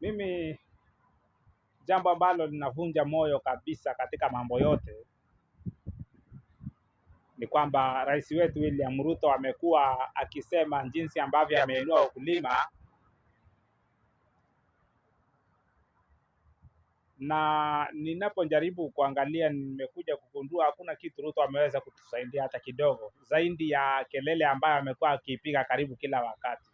Mimi jambo ambalo linavunja moyo kabisa katika mambo yote ni kwamba rais wetu William Ruto amekuwa akisema jinsi ambavyo ameinua ukulima na ninapojaribu kuangalia, nimekuja kugundua hakuna kitu Ruto ameweza kutusaidia hata kidogo, zaidi ya kelele ambayo amekuwa akiipiga karibu kila wakati.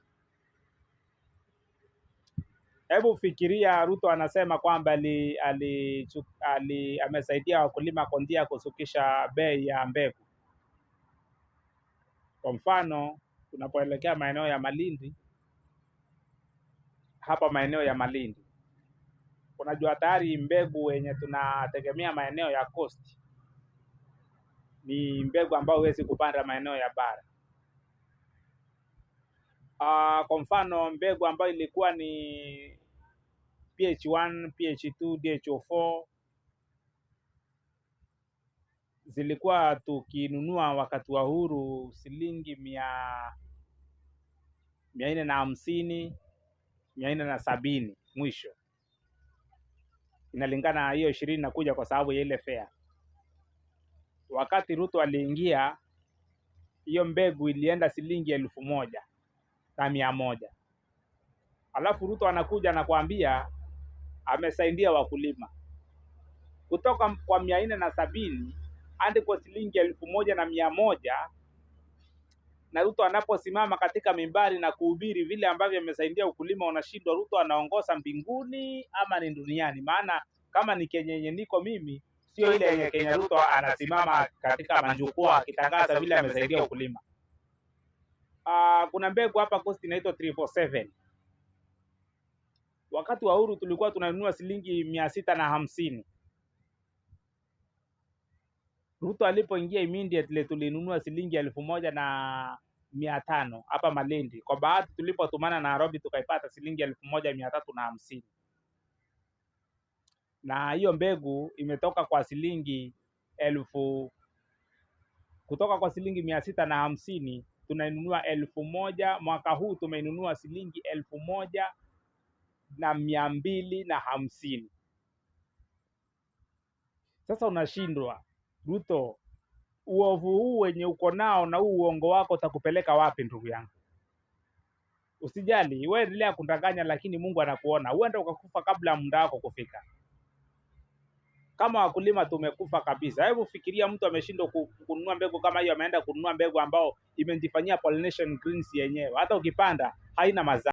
Hebu fikiria, Ruto anasema kwamba ali, ali, ali, amesaidia wakulima kondia kusukisha bei ya mbegu. Kwa mfano tunapoelekea maeneo ya Malindi, hapa maeneo ya Malindi unajua tayari mbegu yenye tunategemea maeneo ya coast ni mbegu ambayo huwezi kupanda maeneo ya bara. Uh, kwa mfano mbegu ambayo ilikuwa ni PH1, PH2, DHO4 zilikuwa tukinunua wakati wa huru shilingi mia mia nne na hamsini mia nne na sabini mwisho, inalingana hiyo ishirini kuja kwa sababu ya ile fea. Wakati Ruto aliingia, hiyo mbegu ilienda shilingi elfu moja na mia moja alafu Ruto anakuja anakuambia amesaidia wakulima kutoka kwa mia nne na sabini hadi kwa shilingi elfu moja na mia moja na Ruto anaposimama katika mimbari na kuhubiri vile ambavyo amesaidia ukulima, unashindwa Ruto anaongoza mbinguni ama ni duniani? Maana kama ni Kenya yenye niko mimi, sio ile yenye Kenya Ruto anasimama katika majukwaa akitangaza vile amesaidia ukulima. Uh, kuna mbegu hapa Coast inaitwa 347 wakati wa uhuru tulikuwa tunanunua shilingi mia sita na hamsini. Ruto alipoingia immediately tulinunua shilingi elfu moja na mia tano hapa Malindi. Kwa bahati tulipotumana na Nairobi tukaipata shilingi elfu moja mia tatu na hamsini, na hiyo mbegu imetoka kwa shilingi elfu kutoka kwa shilingi mia sita na hamsini tunainunua elfu moja. Mwaka huu tumeinunua shilingi elfu moja na mia mbili na hamsini. Sasa unashindwa Ruto, uovu huu wenye uko nao na huu uongo wako utakupeleka wapi ndugu yangu? Usijali, wewe endelea kundanganya, lakini Mungu anakuona. Huenda ukakufa kabla muda wako kufika. Kama wakulima tumekufa kabisa. Hebu fikiria, mtu ameshindwa kununua mbegu kama hiyo, ameenda kununua mbegu ambao imejifanyia pollination greens yenyewe, hata ukipanda haina mazao.